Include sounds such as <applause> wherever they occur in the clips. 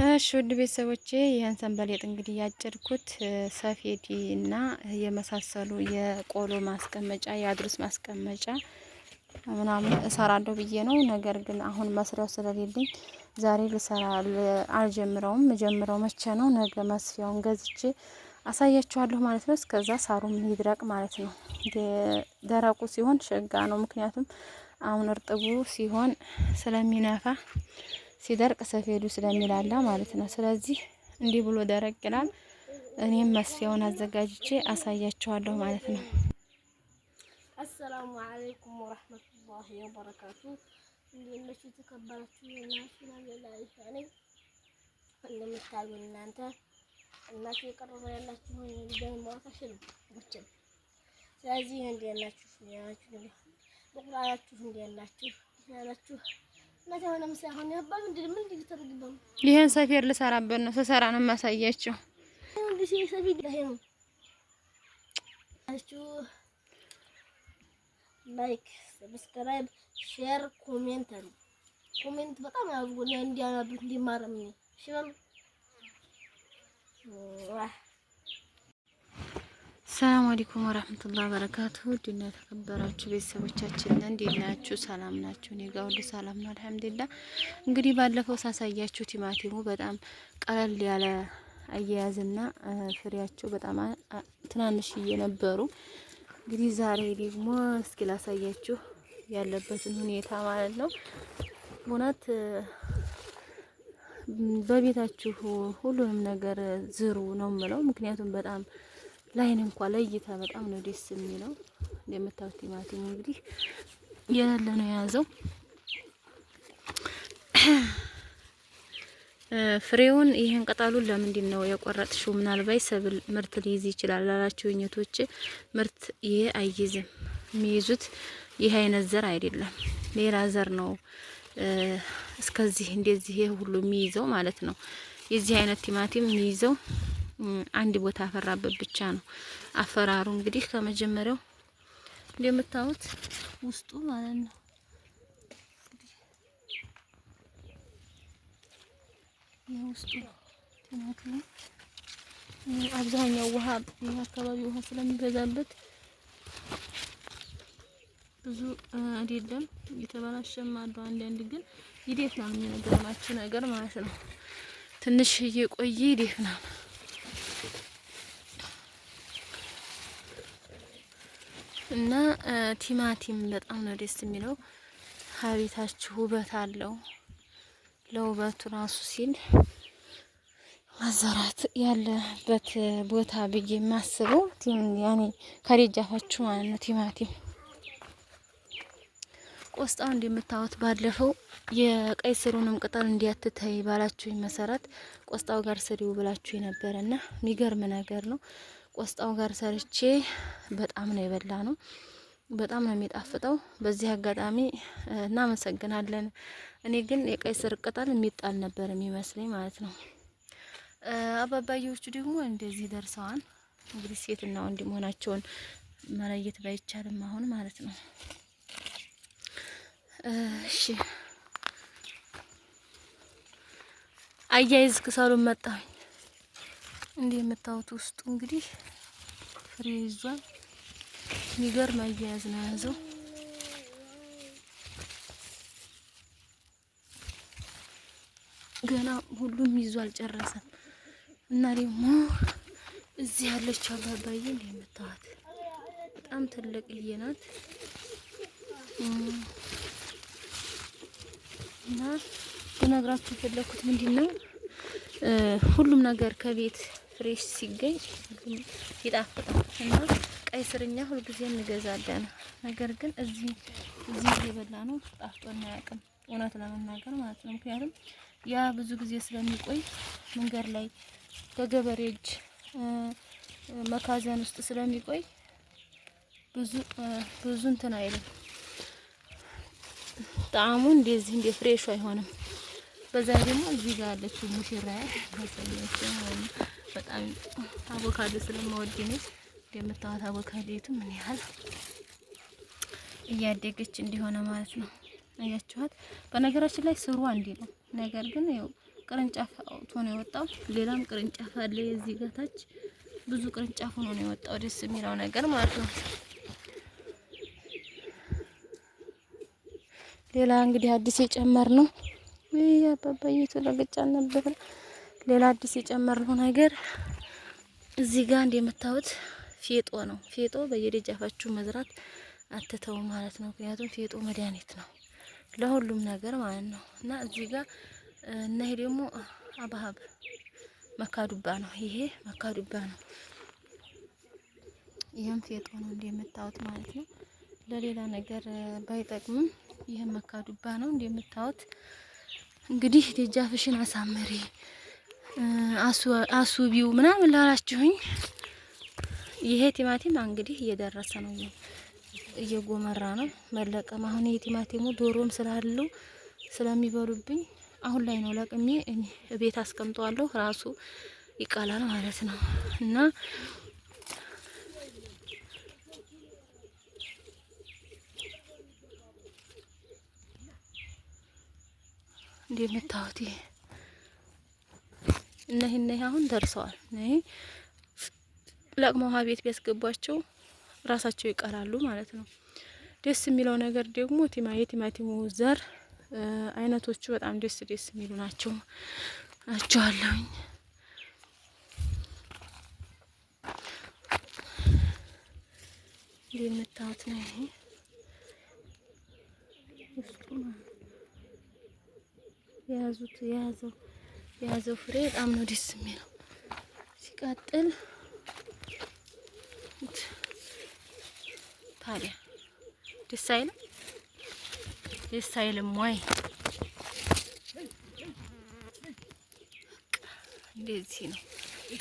እሺ ውድ ቤተሰቦቼ ይህን ሰንበሌጥ እንግዲህ ያጨድኩት ሰፌዲ እና የመሳሰሉ የቆሎ ማስቀመጫ የአድሩስ ማስቀመጫ ምናምን እሰራለሁ ብዬ ነው። ነገር ግን አሁን መስሪያው ስለሌለኝ ዛሬ ልሰራ አልጀምረውም። ጀምረው መቼ ነው? ነገ መስፊያውን ገዝቼ አሳያችኋለሁ ማለት ነው። እስከዛ ሳሩም ይድረቅ ማለት ነው። ደረቁ ሲሆን ሸጋ ነው። ምክንያቱም አሁን እርጥቡ ሲሆን ስለሚነፋ ሲደርቅ ሰፌዱ ስለሚላላ ማለት ነው። ስለዚህ እንዲህ ብሎ ደረቅ ይላል። እኔም መስፊያውን አዘጋጅቼ አሳያቸዋለሁ ማለት ነው። አሰላሙ አለይኩም ወራህመቱላሂ ወበረካቱ። እንደነሱ ተከበራችሁ የናሽናል ላይፍ ላይ እንደምታዩ እናንተ እናት የቀረበ ያላችሁ እንደም ነው ብቻ ስለዚህ እንዴት እንዲያላችሁ ያላችሁ በቁርአናችሁ እንዲያላችሁ ያላችሁ ይህን ሰፌድ ልሰራበት ነው። ስሰራ ነው የማሳያቸው። ላይክ፣ ሰብስክራይብ፣ ሼር፣ ኮሜንት አለ። ኮሜንት በጣም ያው እንዲያናብት እንዲማረም ነው። እሺ ሰላም አለይኩም ወራህመቱላሂ ወበረካቱሁ ድና የተከበራችሁ ቤተሰቦቻችን እንዴት ናችሁ? ሰላም ናችሁ? እኔ ጋር ሁሉ ሰላም ነው፣ አልሐምዱሊላህ። እንግዲህ ባለፈው ሳሳያችሁ ቲማቲሙ በጣም ቀለል ያለ አያያዝና ፍሬያቸው በጣም ትናንሽ እየነበሩ እንግዲህ ዛሬ ደግሞ እስኪ ላሳያችሁ ያለበትን ሁኔታ ማለት ነው። እውነት በቤታችሁ ሁሉንም ነገር ዝሩ ነው የምለው፣ ምክንያቱም በጣም ላይን እንኳ ለእይታ በጣም ነው ደስ የሚለው። እንደምታዩት ቲማቲሙ እንግዲህ ያለ ነው የያዘው <clears throat> ፍሬውን ይሄን ቅጠሉን ለምንድን ነው የቆረጥሽው? ምናልባት ሰብል ምርት ሊይዝ ይችላል ላላችሁ እኝቶች ምርት ይሄ አይይዝም። የሚይዙት ይህ አይነት ዘር አይደለም፣ ሌላ ዘር ነው። እስከዚህ እንደዚህ ይሄ ሁሉ የሚይዘው ማለት ነው። የዚህ አይነት ቲማቲም የሚይዘው አንድ ቦታ አፈራበት ብቻ ነው አፈራሩ። እንግዲህ ከመጀመሪያው እንደምታዩት ውስጡ ማለት ነው የውስጡ ቲማቲም አብዛኛው ውሃ አካባቢ ውሃ ስለሚበዛበት ብዙ አይደለም የተበላሸም አለው። አንዳንድ ግን ይዴፍ ነው ነገር ማለት ነው። ትንሽ እየቆየ ይዴፍ ነው። እና ቲማቲም በጣም ነው ደስ የሚለው። ሀቤታችሁ ውበት አለው። ለውበቱ ራሱ ሲል ማዘራት ያለበት ቦታ ብዬ የማስበው ያኔ ከሬጃፋችሁ ማለት ነው ቲማቲም ቆስጣው እንደምታዩት ባለፈው የቀይ ስሩንም ቅጠል እንዲያትተይ ባላችሁኝ መሰረት ቆስጣው ጋር ስሪው ብላችሁ እና የሚገርም ነገር ነው። ቆስጣው ጋር ሰርቼ በጣም ነው የበላ ነው። በጣም ነው የሚጣፍጠው። በዚህ አጋጣሚ እናመሰግናለን። እኔ ግን የቀይ ስር ቅጠል የሚጣል ነበር የሚመስለኝ ማለት ነው። አባባዮቹ ደግሞ እንደዚህ ደርሰዋል። እንግዲህ ሴትና ወንድ መሆናቸውን መለየት ባይቻልም አሁን ማለት ነው እሺ አያይዝ ክሰሉን መጣሁኝ። እንዲህ የምታዩት ውስጡ እንግዲህ ፍሬ ይዟል። የሚገርም አያያዝ ነው የያዘው። ገና ሁሉም ይዞ አልጨረሰም እና ደግሞ እዚህ ያለችው አባባዬ እንዲህ የምታዩት በጣም ትልቅዬ ናት። እና ልነግራችሁ የፈለኩት ምንድን ነው ሁሉም ነገር ከቤት ፍሬሽ ሲገኝ ይጣፍጣል እና ቀይ ስርኛ እኛ ሁልጊዜ እንገዛለን። ነገር ግን እዚህ እዚህ የበላ ነው ጣፍጦን አያውቅም፣ እውነት ለመናገር ማለት ነው። ምክንያቱም ያ ብዙ ጊዜ ስለሚቆይ መንገድ ላይ ከገበሬ እጅ መካዘን ውስጥ ስለሚቆይ ብዙ ብዙ እንትን አይልም። ጣዕሙ እንደዚህ እንደ ፍሬሹ አይሆንም። በዛ ደግሞ እዚህ ጋር ያለችው ሙሽራ ያሳያቸው በጣም አቮካዶ ስለማወድ ነው። እንደምታዋት አቮካዶቱ ምን ያህል እያደገች እንዲሆነ ማለት ነው። አያችኋት። በነገራችን ላይ ስሩ አንዴ ነው፣ ነገር ግን ያው ቅርንጫፍ አውጥቶ ነው የወጣው። ሌላም ቅርንጫፍ አለ የዚህ ጋታች ብዙ ቅርንጫፍ ሆኖ ነው የወጣው። ደስ የሚለው ነገር ማለት ነው ሌላ እንግዲህ አዲስ የጨመር ነው ይህ አባባዬ ተለገጫ ነበር። ሌላ አዲስ ነው ነገር እዚህ ጋር እንደምታዩት ፌጦ ነው። ፌጦ በየደጃፋችሁ መዝራት አትተው ማለት ነው። ምክንያቱም ፌጦ መድኃኒት ነው ለሁሉም ነገር ማለት ነው። እና እዚህ ጋር እና ይሄ ደግሞ አባሀብ መካዱባ ነው። ይሄ መካዱባ ነው። ይህም ፌጦ ነው እንደምታዩት ማለት ነው። ለሌላ ነገር ባይጠቅምም ይህ መካዱባ ነው እንደምታዩት። እንግዲህ ደጃፍሽን አሳምሪ አሱቢው ምናምን ላላችሁኝ ይሄ ቲማቲም እንግዲህ እየደረሰ ነው፣ እየጎመራ ነው መለቀም። አሁን ይሄ ቲማቲሙ ዶሮም ስላለው ስለሚበሉብኝ አሁን ላይ ነው ለቅሜ ቤት አስቀምጠዋለሁ። ራሱ ይቃላል ማለት ነው እና እንደምታዩት ይሄ እነህ እነህ አሁን ደርሰዋል። ነይ ለቅመው ውሃ ቤት ቢያስገቧቸው ራሳቸው ይቀራሉ ማለት ነው። ደስ የሚለው ነገር ደግሞ ቲማ የቲማቲሙ ዘር አይነቶቹ በጣም ደስ ደስ የሚሉ ናቸው ናቸዋለሁኝ። እንደምታዩት ነው ይሄ የያዙት የያዘው የያዘው ፍሬ በጣም ነው ደስ የሚለው። ሲቀጥል ታዲያ ደስ አይልም? ደስ አይልም ወይ? እንደዚህ ነው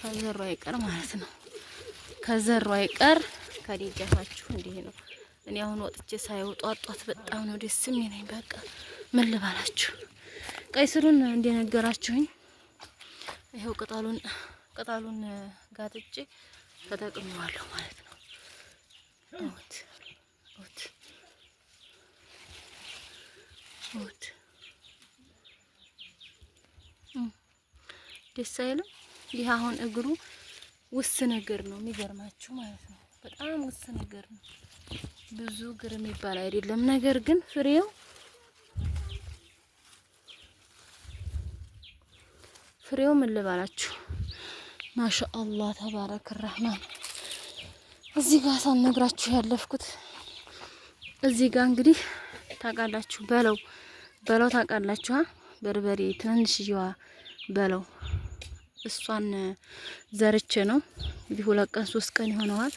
ከዘሩ አይቀር ማለት ነው። ከዘሩ አይቀር ከደጃፋችሁ እንዲህ ነው። እኔ አሁን ወጥቼ ሳይወጧጧት በጣም ነው ደስ የሚለኝ። በቃ ምን ልባላችሁ። ቀይ ስሩን እንደነገራችሁኝ ይሄው ቅጠሉን ቅጠሉን ጋጥጬ ተጠቅመዋለሁ ማለት ነው። ኦት ኦት ኦት ደስ አይልም። ይህ አሁን እግሩ ውስ ነገር ነው የሚገርማችሁ ማለት ነው። በጣም ውስ ነገር ነው። ብዙ እግር የሚባል አይደለም። ነገር ግን ፍሬው ፍሬው ምን ልበላችሁ፣ ማሻ አላህ ተባረክ ረህማን። እዚህ ጋር ያለፍኩት እዚህ ጋር እንግዲህ ታውቃላችሁ፣ በለው በለው ታውቃላችኋ፣ በርበሬ ትንንሽየዋ በለው እሷን ዘርቼ ነው እንግዲህ ሁለት ቀን ሶስት ቀን ይሆነዋል።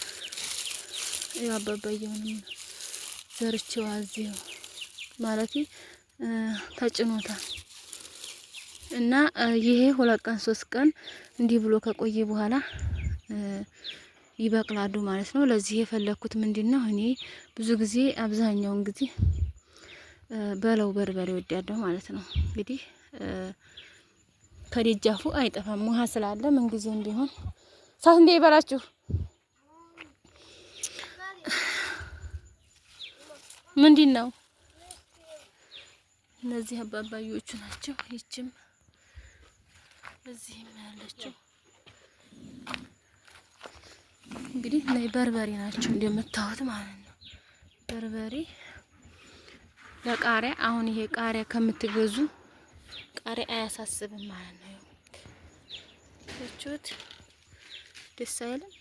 ያው አባባየውን ዘርቼዋ እዚህ ማለት ተጭኖታል እና ይሄ ሁለት ቀን ሶስት ቀን እንዲህ ብሎ ከቆየ በኋላ ይበቅላሉ ማለት ነው። ለዚህ የፈለኩት ምንድን ነው እኔ ብዙ ጊዜ አብዛኛውን ጊዜ በለው በርበሬ ወዳለሁ ማለት ነው። እንግዲህ ከደጃፉ አይጠፋም ውሃ ስላለ ምንጊዜም እንዲሆን ሳት እንደ ይበላችሁ ምንድን ነው እነዚህ አባባዮቹ ናቸው። ይችም እዚህም ያለችው እንግዲህ ናይ በርበሬ ናቸው እንደምታዩት ማለት ነው። በርበሬ ለቃሪያ አሁን ይሄ ቃሪያ ከምትገዙ ቃሪያ አያሳስብም ማለት ነው። እችሁት ደስ አይልም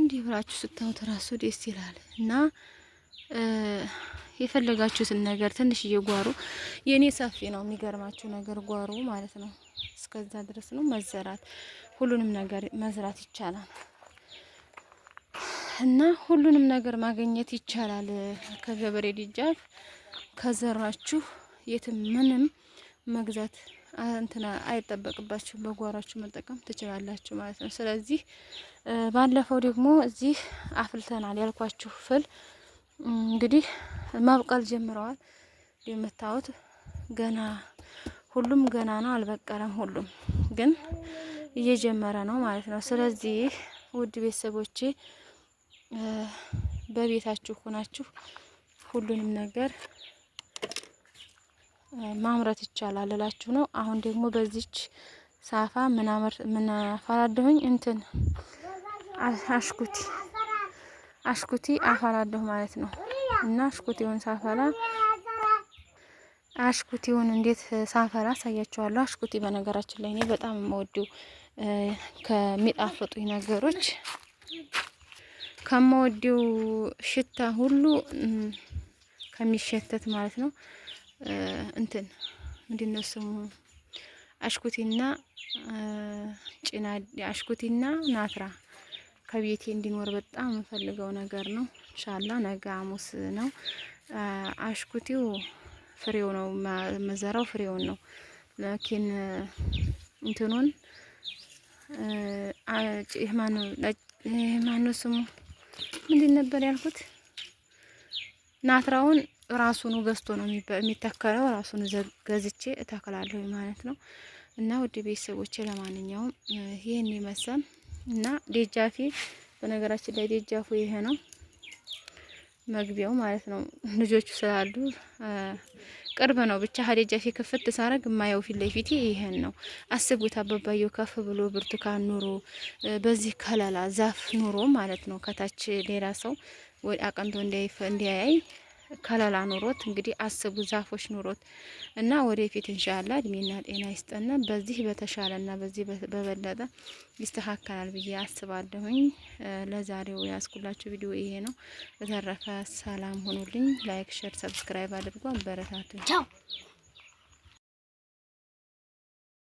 እንዲህ ብላችሁ ስታዩት ራሱ ደስ ይላል እና የፈለጋችሁትን ነገር ትንሽዬ ጓሮ የኔ ሰፊ ነው። የሚገርማችሁ ነገር ጓሮ ማለት ነው። እስከዛ ድረስ ነው መዘራት፣ ሁሉንም ነገር መዝራት ይቻላል እና ሁሉንም ነገር ማግኘት ይቻላል ከገበሬ ድጃፍ ከዘራችሁ የትም ምንም መግዛት እንትና አይጠበቅባችሁ በጓሯችሁ መጠቀም ትችላላችሁ ማለት ነው። ስለዚህ ባለፈው ደግሞ እዚህ አፍልተናል ያልኳችሁ ፍል እንግዲህ ማብቀል ጀምረዋል። የምታዩት ገና ሁሉም ገና ነው፣ አልበቀለም። ሁሉም ግን እየጀመረ ነው ማለት ነው። ስለዚህ ውድ ቤተሰቦቼ በቤታችሁ ሆናችሁ ሁሉንም ነገር ማምረት ይቻላል እላችሁ ነው። አሁን ደግሞ በዚች ሳፋ ምናምር እንትን አሽኩቲ አሽኩቲ አፈራለሁ ማለት ነው። እና አሽኩቴውን ሳፈላ አሽኩቴውን እንዴት ሳፈላ አሳያችኋለሁ። አሽኩቲ በነገራችን ላይ እኔ በጣም የምወደው ከሚጣፍጡኝ ነገሮች ከምወደው ሽታ ሁሉ ከሚሸተት ማለት ነው እንትን ምንድን ነው ስሙ አሽኩቴና ጭና አሽኩቴና ናትራ ከቤቴ እንዲኖር በጣም የምፈልገው ነገር ነው። ኢንሻአላህ ነገ ሐሙስ ነው። አሽኩቲው ፍሬው ነው መዘራው ፍሬውን ነው። ላኪን እንትኑን ማን ስሙ ምንድን ነበር ያልኩት? ናትራውን ራሱኑ ገዝቶ ነው የሚተከለው። ራሱኑ ገዝቼ እተክላለሁ ማለት ነው። እና ውድ ቤተሰቦቼ ለማንኛውም ይህን ይመሰል እና ደጃፊ በነገራችን ላይ ደጃፉ ይሄ ነው። መግቢያው ማለት ነው። ልጆቹ ስላሉ ቅርብ ነው። ብቻ ሀደጃፊ ክፍት ሳረግ የማየው ፊት ለፊት ይሄን ነው። አስቡት አበባየው ከፍ ብሎ ብርቱካን ኑሮ በዚህ ከለላ ዛፍ ኑሮ ማለት ነው። ከታች ሌላ ሰው አቀንቶ እንዲያያይ ከለላ ኑሮት እንግዲህ አስቡ ዛፎች ኑሮት እና ወደፊት እንሻላ እድሜና ጤና ይስጠና። በዚህ በተሻለና በዚህ በበለጠ ይስተካከላል ብዬ አስባለሁኝ። ለዛሬው ያስኩላችሁ ቪዲዮ ይሄ ነው። በተረፈ ሰላም ሆኑልኝ። ላይክ፣ ሸር፣ ሰብስክራይብ አድርጎ አበረታቱኝ።